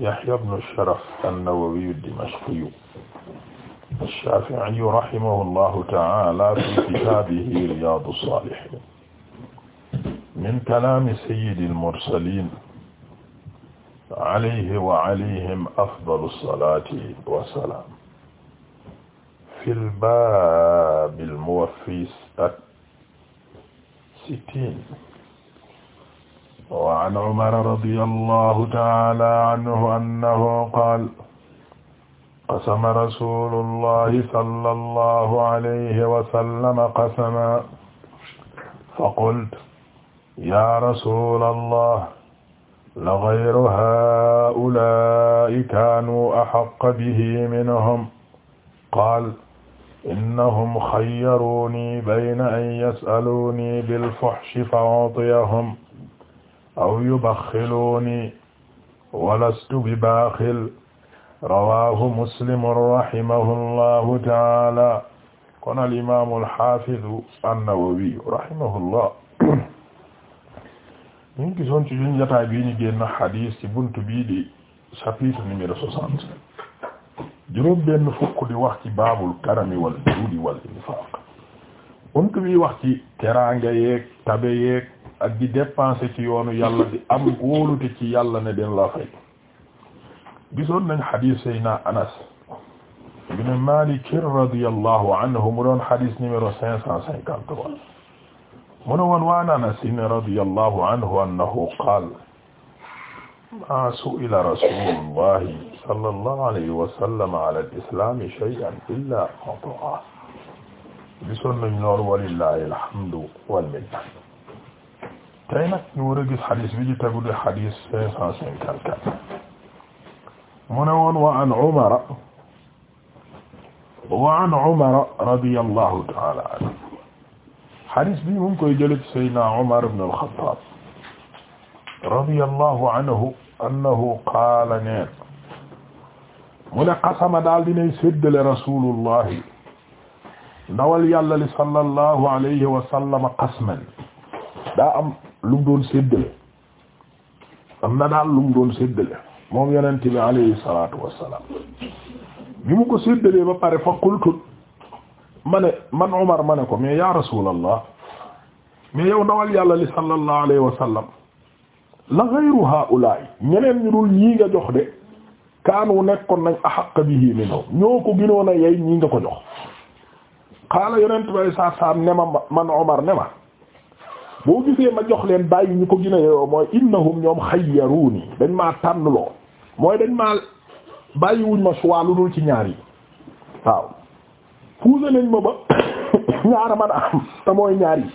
Yahya ibn Sharaf an-Nawawi ad-Dimashqi ash-Shafi'i rahimahullahu ta'ala fi kitabihi Riyad as-Salihin min kalami sayyidi al-mursalin alayhi wa alayhim afdalu as-salati was-salam fil babil muwaffi at-sittin wa an Umar radiyallahu ta'ala anhu annahu qaala qasama rasuulullahi sallallahu alayhi wa sallam qasaman faqultu yaa rasuulallah laghayru haa'ulaa'i kaanuu ahaqqa bihi minhum qaala innahum khayyaruunii bayna an yas'aluunii bil fuhshi fa u'tiyahum aw yubaxxiluuni walastu bi baaxil rawaahu muslim rahimahu llahu taala kon al imaamu alxaafidu annawawi rahimahullah ñu ngi gisoon ci suñu jotaay bii ñu génn xadiis ci buntu bii di chapitre numéro soixante juróom benn fukk di wax ci baabul karami wal juudi wal infaaq buntu bii wax ci teraanga yeeg tabe yeeg ak di dépenser ci yoonu yàlla di am wóolute ci yàlla ne den la fay gisoon nañ xadiis sayna anas ibn malik radiyallahu anhu mu doon xadiis numéro cinq cent cinquante-trois mu ne woon waan anas radiyallahu anhu annahu qaal ma su'ila rasulullahi sallallahu alayhi wa sallam ala al-islami shay'an illa ata'ahu gisoon nañ loolu walillahi alhamdu wal minna tey nag ñu war a gis xadis bi ci tegu di xadis cinq cent cinquante-quatre mu ne woon wa an Umar wa an Umar radiyallahu ta'ala anhu xadis bi mu ngi koy jële ci Seydina Umar ibn al-Khattab radiyallahu anhu annahu qaala neen mu ne qasama daal dinay séddale rasulullahi ndawal yàlla li sallallahu alayhi wa sallam qasman daa am lu mu doon séddale am na daal lu mu doon séddale moom yonent bi alayhi salaatu wassalaam bi mu ko séddalee ba pare fa qultu ma ne man Umar ma ne ko mais ya rasulallah mais yow dawal yàlla li sallallahu alayhi wa sallam la ghayru haa'ulaa'i ñeneen ñu dul ñii nga jox de kaanu nekkoon nañ ahaqqa bihi minhu ñoo ko gënoon a yey ñii nga ko jox xaala yonent bi alayhi salaatu ne ma man Umar ne ma boo gisee ma jox leen bàyyi ñu ko gën a yow mooy innahum ñoom xayyaruuni dañ maa tànnloo mooy dañ maa bàyyiwuñ ma choix lu dul ci ñaar yi waaw puuse nañ ma ba ñaara man a am te mooy ñaar yi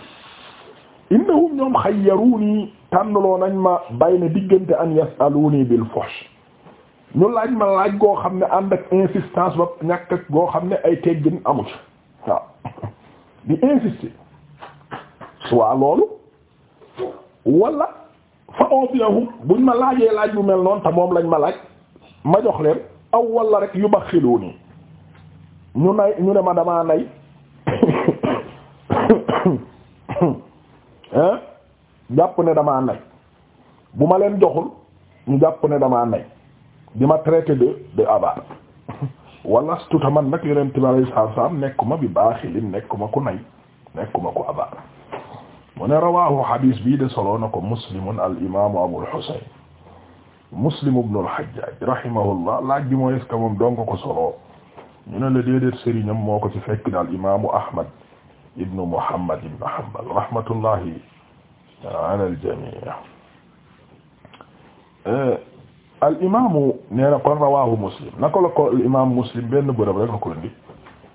innahum ñoom xayyaruuni tànnloo nañ ma bay na diggante an yasaluuni bil fuhsh ñu laaj ma laaj goo xam ne ànd ak insistance ba ñàkk ak goo xam ne ay teggin amut waaw di insister waa loolu walla fa onsiyahum buñ ma laajee laaj bu mel noonu te moom lañ ma laaj ma jox leen aw walla rek yu baxilu nii ñu nay ñu ne ma damaa nay jàpp ne damaa nay bu ma leen joxul ñu jàpp ne damaa nay di ma traité de de avare wala su man nag yeneen tubaab yi saa saa nekkuma bi baaxilin nekkuma ku nay nekkuma ku avare. mu ne rawaahu hadis bii de solo na ko muslimun al imaamu abul husayn muslim ibn al hajjaj rahimahullah laaj bi mooy est-ce que moom donc ko solo ñu ne la déedéet sëriñam moo ko ci fekk daal imaamu ahmad ibnu muhammad ibnu hanbal rahmatullahi ala al jamii eh, al imaamu nee na kon rawaahu muslim naka la ko al imaamu muslim benn bërëb rek la ko indi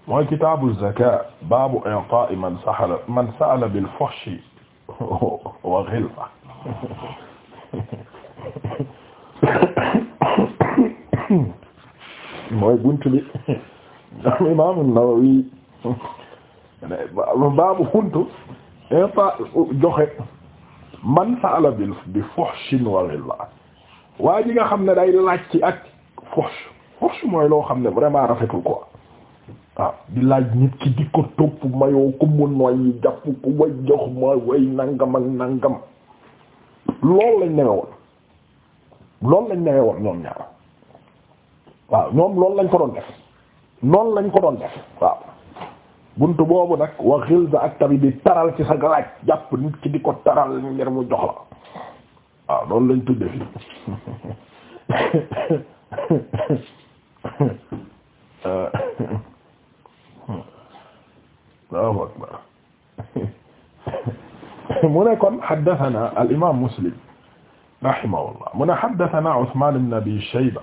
mooy kitaabu zakaat baabu i'taa'i man sa'ala man sa'ala bil fuhshi wa xilfa mooy buntu bi Imaam An-Nawawi baabu buntu impa joxe man sa'ala bil bi fuhshin wa ghilla waa ji nga xam ne day laaj ci ak fuhsh fuhsh mooy loo xam ne vraiment rafetul quoi waaw ah, di laaj nit ki di ko topp mayoo ko mu noyyi jàpp ko way jox ma way nangam ak nangam loolu lañ newee woon loolu lañ newee woon ñoom ñaar waaw ñoom loolu lañ ko doon def noonu lañ ko doon def waaw buntu boobu nag wa xilza ak tabi di taral ci sa laaj jàpp nit ki di ko taral ngir mu jox la waaw loolu lañ tudde fi euh, Allahu akbar mu ne kon haddathana al imaam Muslim rahimahullah mu ne haddathana Usmaan ibn Abi Shayba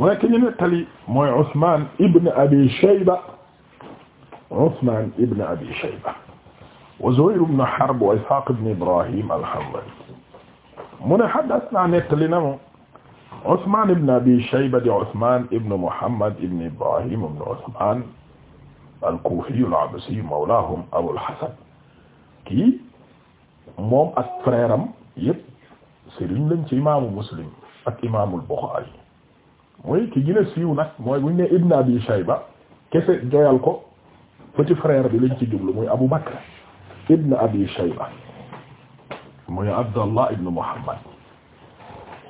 mu ne ki ñu nettali mooy Usmaan ibn Abi Shayba Usmaan ibn Abi Shayba wa Zuhayr ibn Harb wa Ishaaq ibn Ibraahiim al-Hanzali mu ne haddathana nettali na mu Usmaan ibn Abi Shayba di Usmaan ibn Muhammad ibn Ibraahiim ibn Usmaan al-Kufi al-Absi mawlahum Abul Hasan kii moom ak frère am yëpp sëriñ lañ ci imaamu Muslim ak imaamul Bukhari mooy ki gën a siiw nag mooy buñ ne Ibn Abi Shayba kese joyal ko petit frère bi lañ ci jublu muy Abu Bakr Ibn Abi Shayba muy Abdallah Ibn Muhammad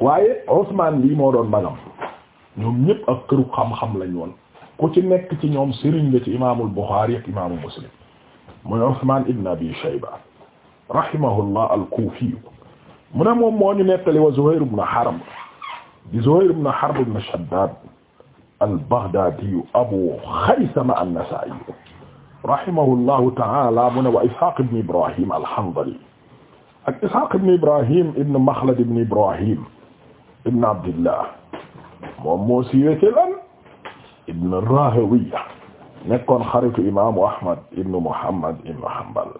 waaye Usmaan lii moo doon magam ñoom ñëpp ak këru xam-xam lañ ku ci nekk ci ñoom sëriñ la ci imaamul Buxaari ak imaamu Muslim muy Usmaan ibn Abi Shayba rahimahullah al-Kufi mu ne moom moo ñu nettali wa Zuhayr ibn Harb di Zuhayr ibn Harb ibn Shaddad al-Baghdadi Abu Khaysama an-Nasa'i rahimahullahu ta'ala mu ne wa Ishaq ibn Ibrahim al-Hanzali ak Ishaq ibn Ibrahim ibn Makhlad ibn Ibrahim ibn Abdillah moom moo siiwee ci lan ibn Rahawiya nekkoon xaritu imaamu Ahmad ibn Muhammad ibn Hanbal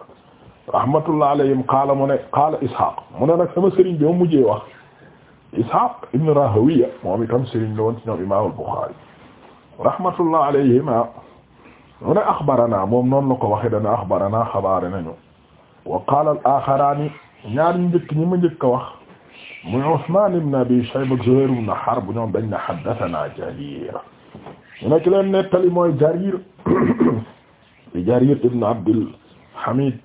rahmatullah alayhim qaala mu ne qaala Ishaq mu ne nag sama sëriñ bi ma mujjee wax Ishaq ibn Rahawiya moom itam sëriñ la woon ci ñoom imaamul Buxaari rahmatullah alayhima mu ne axbarana moom noonu la ko waxee dana axbarana xabaare nañu wa qaala al-aaxaraani ñaar ñu njëkk ñi ma njëkk a wax muy Usmaan ibn Abi Shayba Zuhayr ibn Harb ñoom dañ na haddathana Jariir dina ki nettali mooy Jarir di Jarir ibn Hamid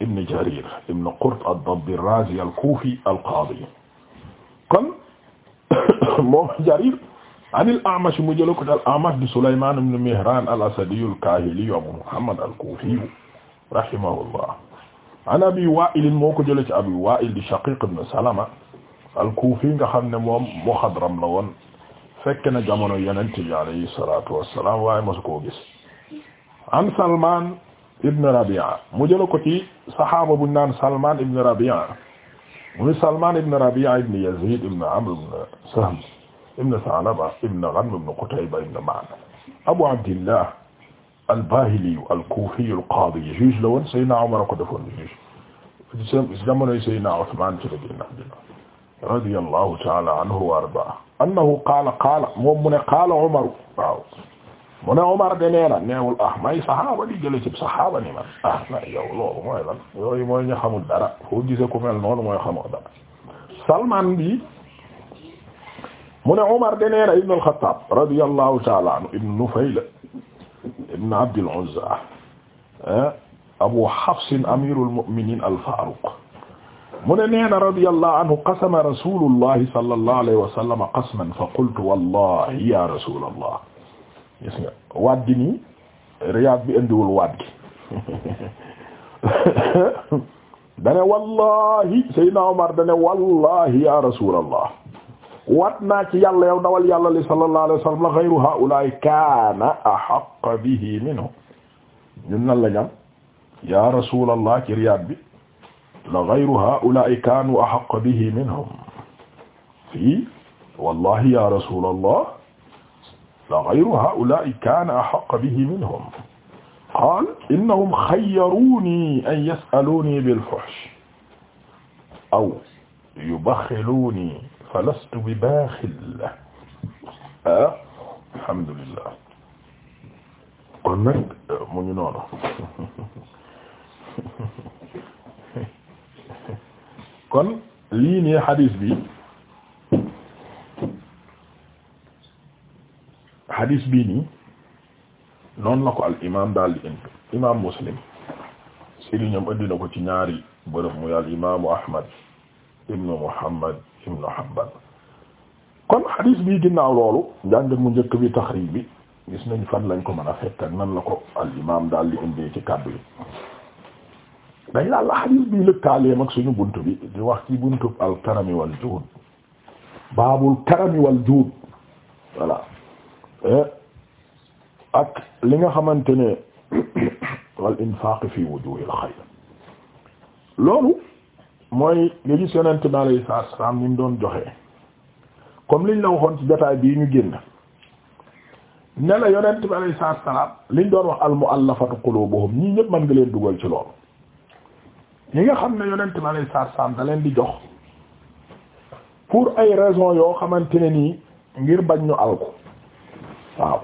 ibn Jarir ibn Qurt ad-Dabbi ar-Razi al-Kufi al-Qadi kon moom Jarir an al-A'mash mu jël ko al-A'mash Mihran al-Asadi al-Kahili Abu Muhammad al-Kufi rahimahullah an Abi Wa'il moo ko jëlee ci Abi Wa'il di Shaqiq ibn Salama al-Kufi nga xam ne moom muxadram la fekk na jamono yonent bi alayhi salaatu wassalaam waaye mosu koo gis an Salman ibn Rabi'a mu jëla ko ci saxaaba buñ naan Salman ibn Rabi'a muy Salman ibn Rabi'a ibn Yazid ibn Amr ibn Sahm ibn Sa'laba ibn Ghanm ibn Qutayba ibn Ma'n Abu Abdillah al-Bahili al-Kufi al-Qadi juge la woon Seydina Umar ko defoon juge jamonoy Seydina Usman ci la génn àddina radiyallahu ta'ala anhu wa arda annahu qaala qaala moom mu ne qaala Umar waaw mu ne Umar de nee na neewul ah may saxaaba di jële ci saxaaba ni man ah na yow loolu mooy lan yooyu mooy ñu xamul dara foo gisee ku mel noonu mooy xamoo dara Salman bi mu ne Umar de nee na ibn al-Khattab radiyallahu ta'ala anhu ibn Nufayl ibn Abd al-Uzza eh, Abu Hafs amirul mu'minin al-Faruq mu ne nee na radiyallahu anhu qasama rasulullahi sallallahu alayhi wa sallam qasman fa qultu wallahi ya rasulallah gis nga waat gi nii riyaad bi indiwul waat gi dane wallahi sayyidina Umar dane wallahi ya rasulallah waat naa ci yàlla yow dawal yàlla li sallallahu alayhi wa sallam la ghayru haa'ulaa'i kaana ahaqqa bihi minhu ñun nan la ñam ya rasulallah ci riyaad bi la ghayru haa'ulaa'i kaanu ahaqqa bihi minhum fii wallaahi yaa rasuulallah la ghayru haa'ulaa'i kaana ahaqqa bihi minhum qaala innahum xayyaruunii an yas'aluunii bil-fuhsh aw yubakhiluunii falastu bibaakhil alhamdulillah kon nag mu ngi noonu kon lii nii hadis bi hadis bii nii noonu la ko al imaam daal di indi imaam muslim sëriñam indi na ko ci ñaari bërëb muy al imaamu ahmad ibnu muhammad ibnu hanbal kon hadis bii ginnaaw loolu njàngat mu njëkk bi taxriij bi gis nañ fan lañ ko mën a fekk ak nan la ko al imaam daal di indee ci kàddu yi dañ laal la xadiis bii lëkkaaleem ak suñu bunt bi di wax ci buntu al karami wal juhud baabul karami wal juhud voilà eh? ak li nga xamante ne wal infaaq fi wujuhil xayr loolu mooy nga gis yonent bi alayhi salaatu salaam doon joxe comme liñ la waxoon ci jotaay bii ñu génn ne la yonent bi alayhi salaatu doon wax al mu'allafatu qulubuhum ñii ñëpp mën ngi leen dugal ci loolu ñi nga xam ne yonent ma lay saar saam da leen di jox pour ay raison yoo xamante ne nii ngir bañ ñu alku waaw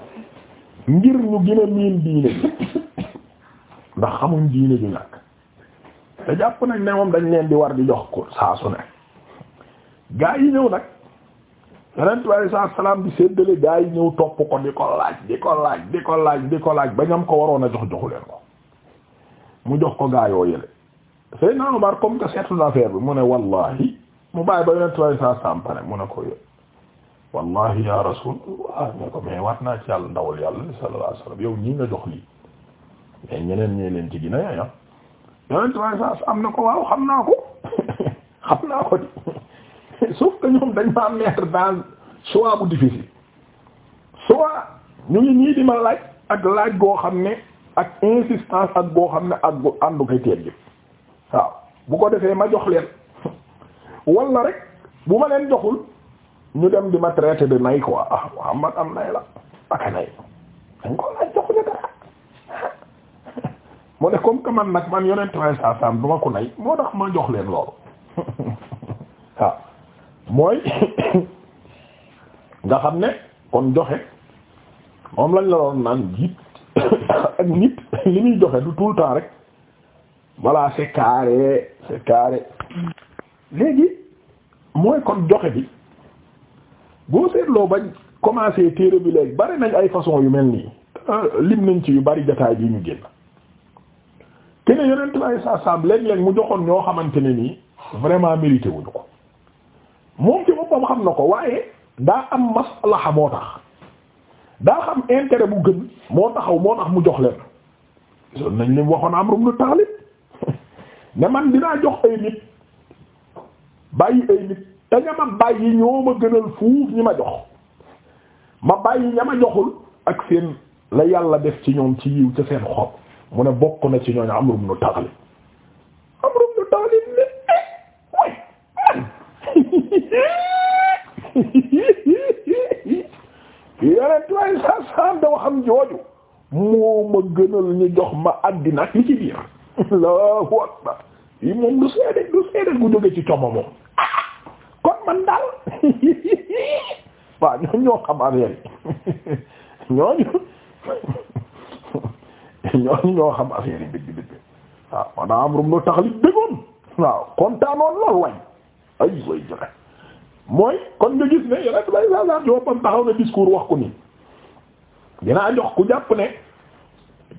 ngir ñu gën a miin diine ndax xamuñ diine ju ñàkk te jàpp nañ ne moom dañ leen di war di jox ko saa su ne gaa yi ñëw nag yonent bi alei salaatu salaam di séddale gaa yi ñëw topp ko di ko laaj di ko laaj di ko laaj di ko laaj ba ko waroon a jox joxu leen ko mu jox ko gaa yoo yële Seydina Umar comme que seetlu na bi mu ne wallahi mu bàyyi ba yonent way sa sampane mu ne ko yo wallahi ya rasul waaw ne ko mais waat naa ci yàlla ndawal yàlla sallallahu alayhi wasallam yow ñii nga jox am na ko waaw xam naa ko xam naa ko di sauf que ñoom dañ ma mettre dans choix bu difficile soit ñu nii di ma laaj ak laaj goo xam ne ak insistance ak goo xam ne ak àndu koy teeg waaw bu ko defee ma jox leen wala rek bu ma leen joxul ñu dem di ma traité de nay quoi ah Muhammad am nay la aka nay dañ ko laaj joxuñu dara mu ne comme que man nag man yonent way sa sam bu ma ko nay moo tax ma jox leen loolu waaw mooy nga xam ne kon joxe moom lañ la doon naan jiit ak nit li muy joxe du tout le temps rek voilà c'est carré c'est léegi mooy kon joxe bi boo seetloo bañ commencé téere bi léegi bari nañ ay façon yu mel nii euh, lim nañ ci yu bari jotaay bi ñu génn te ne yonent bi ay saa saam léeg mu joxoon ñoo xamante ne nii vraiment mérité wuñu ko moom ci boppam xam na ko waaye daa am maslaha moo tax daa xam intérêt bu gën moo taxaw moo tax mu jox leen. na nañ leen waxoon Amru ibn Taalib ne man dinaa jox ay nit bàyyi ay nit te ña ma bàyyi ñoo ma gënal fuuf ñi ma jox ma bàyyi ña ma joxul ak seen la yàlla def ci ñoom ci yiw ca seen xob mu ne bokk na ci ñooñu amrum nu taxali amrum nu taxali ne eh, way man yonent way sa san da jooju moo ma gënal ñu jox ma àddina ak li ci biir Allahu akbar yi moom du seede du seede gu jóge ci coma moom man daal waaw ñooñu ñoo xam affaire yi ñooñu ñooñu ñoo xam affaire yi dëgg am rum lu tax li déggoon waaw kontaanoon lool wañ ay way joxe mooy kon nga gis ne yonent bay sasar ci woppam taxaw na discours wax ko nii dinaa jox ku jàpp ne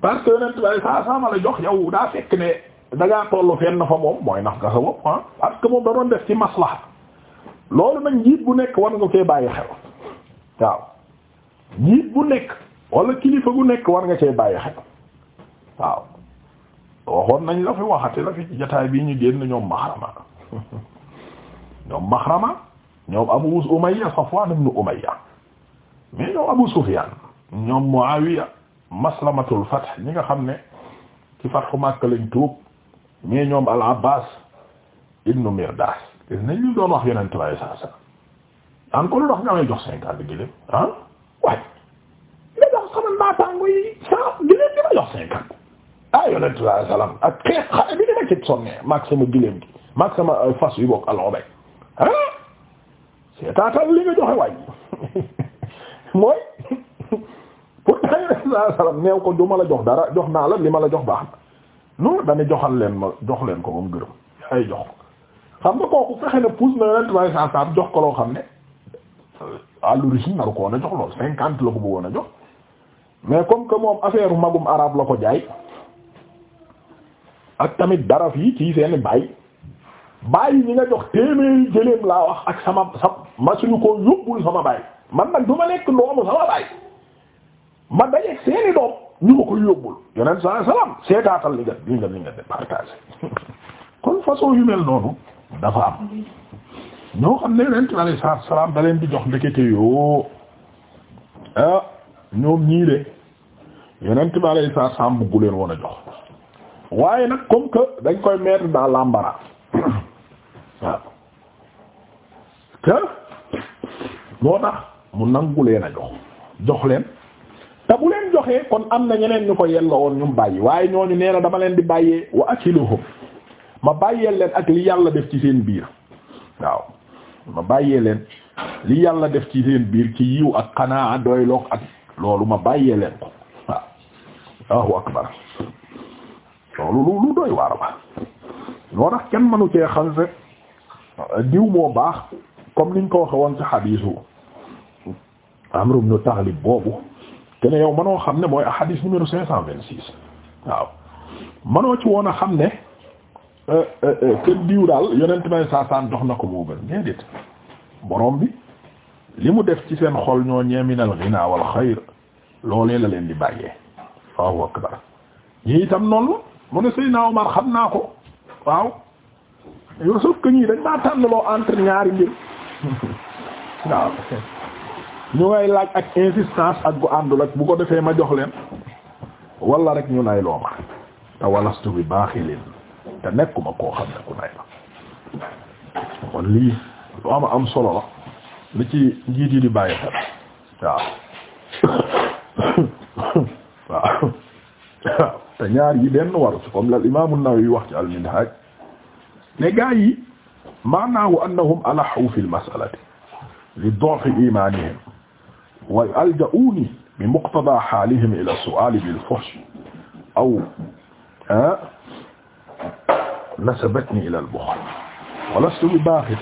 parce que yonent bay sasama la jox yow daa fekk ne da ngaa toll fenn fa moom mooy nax nga sa bopp ah parce que moom da doon def ci maslaha loolu nag njiit bu nekk war nga cee bàyyi xel waaw njiit bu nekk walla kilifa gu nekk war nga cee bàyyi xel waaw waxoon nañ la fi waxate la fi ci jotaay bii ñu génn ñoom Maxrama ñoom Maxrama ñoom Abu Umayya Safwan ibn Umayya mais ñoom Abu Sufyan ñoom Muawiya maslamatul fath ñi nga xam ne ci fathu Makka lañ tuub mais ñoom al abbas ibnu mirdas nañ ñu doon wax yeneen trois cent cent an ko lu dox nga may jox cinquante gëléem ah waaye nga jox sama naataango yi cent di ma jox cinquante ah yonent sallallahu alayhi wasallam ak xeex xale bi dama ci sonne maag sama gëléem gi maag sama euh, fas yu bokk alobay ah seetaatal li nga joxe waay mooy pourtant yonent sallallahu alayhi wasallam neew ko du ma la jox dara jox naa la li ma la jox baax na non dana joxal leen ma jox leen ko ba mu gërëm ay jox ko xam nga kooku fexe na pousse na yonent bay sansab jox ko loo xam ne à l'origine naru ko woon a jox lool cinquante la ko bëggoon a jox mais comme que moom affaire magum arabe la ko jaay ak tamit dara fii ci seeni baay baay ñi nga jox téeméeri jëleem laa wax ak sama sa ma suñu ko yóbbul sama baay man nag du lekk doomu sama baay ma dajeeg seeni doom ñu ma koy yóbbul yonent saa salaam seetaatal li nga li kon façon yu noonu dafa am ñoo xam ne yonent alayhi salaatu salaam da leen di jox ndekete yoo ah ñoom ñii de yonent bi alayhi salaam buggu leen woon a jox waaye nag comme que dañ koy mettre dans l'embarras waaw moo tax mu nangu leen a jox jox leen. te bu leen joxee kon am na ñeneen ñu ko yelloo woon ñu bàyyi waaye ñooñu nee na dama leen di bàyyee wa akiluhum ma bàyyee leen ak li yàlla def ci seen biir waaw ma bàyyee leen li yàlla def ci seen biir ci yiw ak xanaa doyloog ak loolu ma bàyyee leen ko waaw Allahu akbar loolu lu doy waar ba loo tax kenn mënu cee xam se diw moo baax comme niñ ko waxe woon ci xadiisu Amru ibn Taghlib boobu te ne yow mënoo xam ne mooy hadith numéro cinq cent vingt six waaw mënoo ci woon a xam ne euh, euh, euh, kër diw daal yonent may saasaan dox na ko moo gën déedéet borom bi li mu def ci seen xol ñoo ñeeminal ghina wal xayr loolee la leen di bàyyee Allahu akbar ñii itam noonu mu ne Seydina Omar xam naa ko waaw yow sauf que ñii dañ maa tànn entre ñaari mbir waaw ñu ngay laaj ak insistance ak bu àndul ak bu ko defee ma jox leen wala rek ñu nay loo ma te bi baaxilin te nekkuma koo xam ne ku nay la kon lii lu am am solo la li ci njiit yi di bàyyi xel waaw waaw te ñaar yi benn waru ci comme lal imaamu Nawawi wax ci al-Minhaj ne gaa yi maanaahu annahum alahu fi l masalati li du'fi imanihim way alja'uuni bi muqtada haalihim ila su'aali bil fuhsh aw nasabatni ila al bukhl wa lastu bi baaghin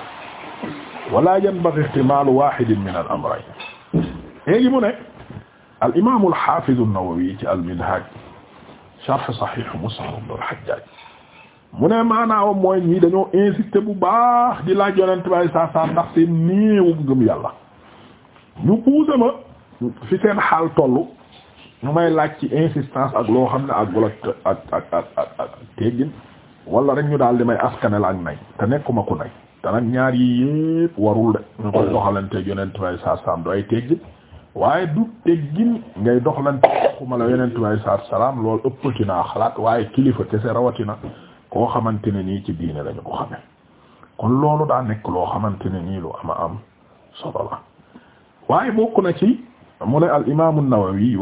wa laa yanbaghii ihtimaalu waahidin min al amrayn léegi mu ne al imaam al haafiz an-Nawawi ci al minhaaj sharh sahih Muslim ibn al Hajjaaj mu ne maanaam mooy ñii dañoo insister bu baax di laaj yonent bi saa saa ndax seen néewu gëm yàlla. ñu puuse ma fi seen xaal tollu ñu may laaj ci insistance ak loo xam ne ak gul ak ak teggin wala rek ñu daal di may askanel ak nay te nekkuma ku nay te nag ñaar yi yépp warul de ñu koy doxalanteeg yonent way saat salaam du ay teggin waaye du teggin ngay doxalante waxuma la yonent way saat salaam lool ëppati naa xalaat waaye kilifa kese rawatina koo xamante ne nii ci diine lañu ko xamee kon loolu daa nekk loo xamante ne nii lu ama am solo la waaye bokk na ci mu ne al imaamu Nawawi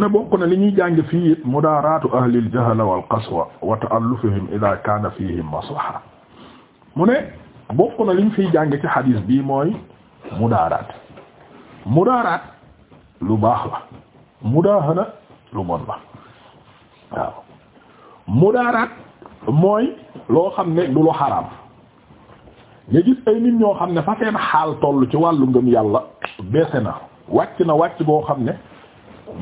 ne bokk na li ñuy jàng fii it mudaaraatu ahlil jahala wal qaswa wa ta'allufihim idaa kaana fiihim maslaha mu ne bokk na li ñu fiy jàng ci xadiis bii mooy mudaaraat mudaaraat lu baax la mudaahana lu bon la mudaaraat mooy loo xam ne du lu xaraam nga gis ay nit ñoo xam ne fa seen xaal toll ci wàllu ngëm yàlla beese na wàcc na wàcc boo xam ne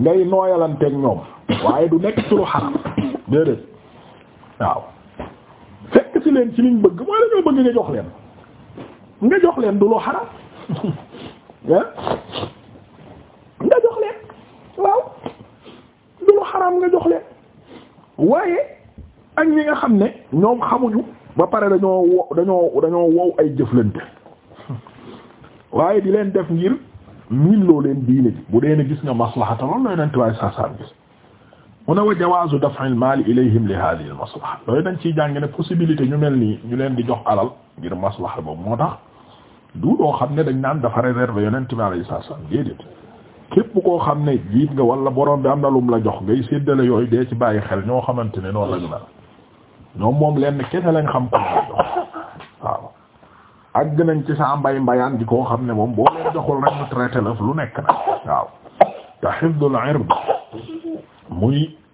ngay nooyalanteeg ñoom waaye du nekk ci lu xaram déedéet waaw fekk ci leen ci luñ bëgg mooy la ñoo bëgg nga jox leen nga jox leen du lu xaram leen waaw du nga jox leen waaye ak ñi nga xam ne ñoom xamuñu ba pare dañoo dañoo dañoo wow ay jëflante waaye di leen def ngir miin loo leen diine ji bu dee ne gis nga maslahata loolu looy nañ tubaab saa saa gis mu ne wa jawaazu daf'il maali ilayhim li haadhihi al maslaha looy dañ ciy jàng ne possibilité ñu mel nii ñu leen di jox alal ngir maslaha boobu moo tax du doo xam ne dañ naan dafa réservé yonent bi alayhi salaam déedéet képp koo xam ne jiit nga wala borom bi am na lum la jox ngay séddale yooyu dee ci bàyyi xel ñoo xamante ne noonu la ñu ñoom moom lenn kese lañ xam ko waaw àgg nañ ci saa mbay mbayaan di koo xam ne moom boo leen joxul rek mu traité la lu nekk nag waaw te hifdul eh,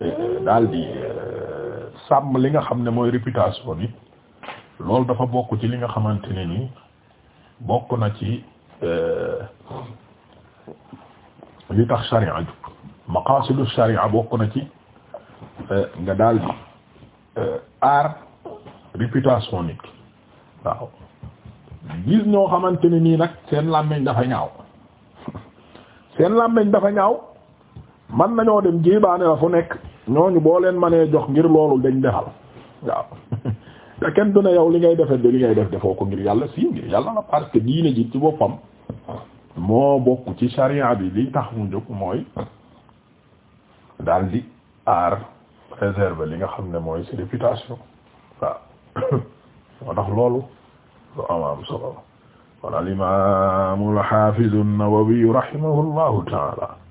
eh, li nga xam ne mooy réputation bi loolu dafa bokk ci li nga xamante ne nii bokk na ci eh, li tax sharia ju maqasidu sharia bokk na ci nga daal di Euh, aar réputation nit waaw gis ñoo xamante ne nii nag seen làmmiñ dafa ñaaw seen làmmiñ dafa ñaaw man nañoo dem jéebaane la fu nekk ñooñu boo leen mënee jox ngir loolu dañ defal waaw te kenn du ne yow li ngay defe de li ngay def defoo ko ngir yàlla si ngir yàlla la parce que diine ji ci boppam moo bokk ci charia bi li tax mu jóg mooy daal di aar préserver li nga xam ne mooy ci réputation waaw moo tax loolu lu am am solo kon al imaam al haafiz an-Nawawi rahimahullahu ta'ala